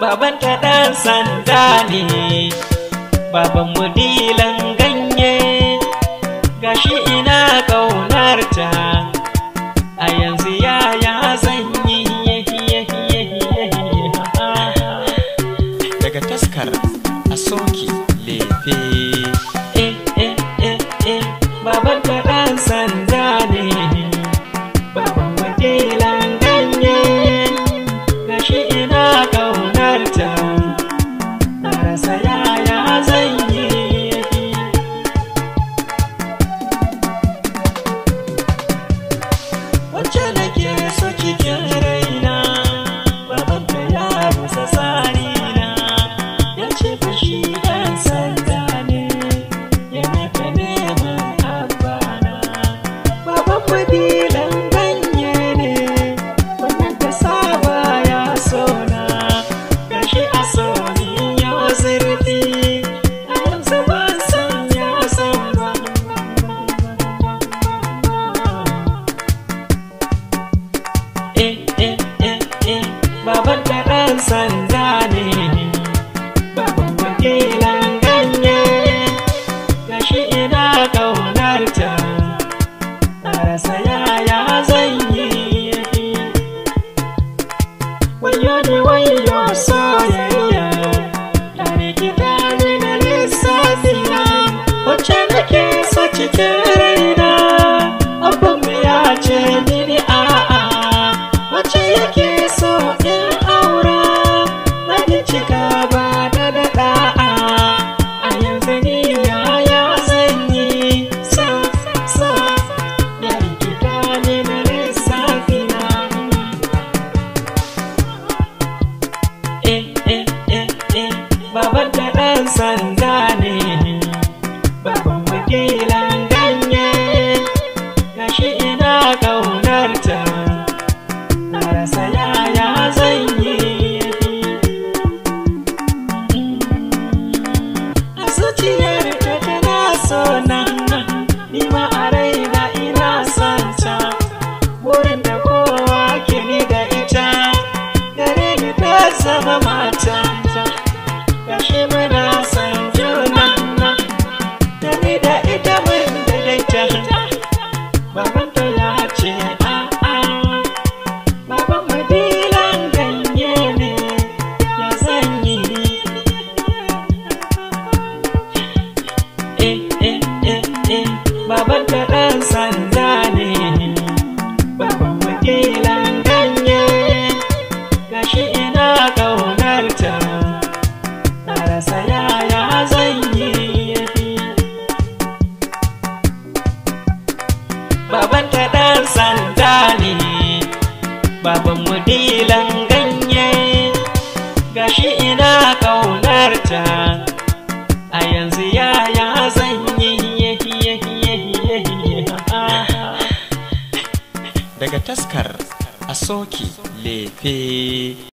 baban ta ɗan sanda ne baban mu dilan ganye gashi ɗan sanda ne babban wakilan ganye Gashi shi ina ƙaunarta a rasa yaya zan yi wayo ne wayo soyayya tare ki tare na lissafi na wacce nake cikin ta baban ta ya ce a'a baban madilan ganye ne ya sanyi eh eh eh eh baban ta baban mu dilan ganye gashi ina kaunarta a yanzu yaya zan yi daga taskar a soke lefe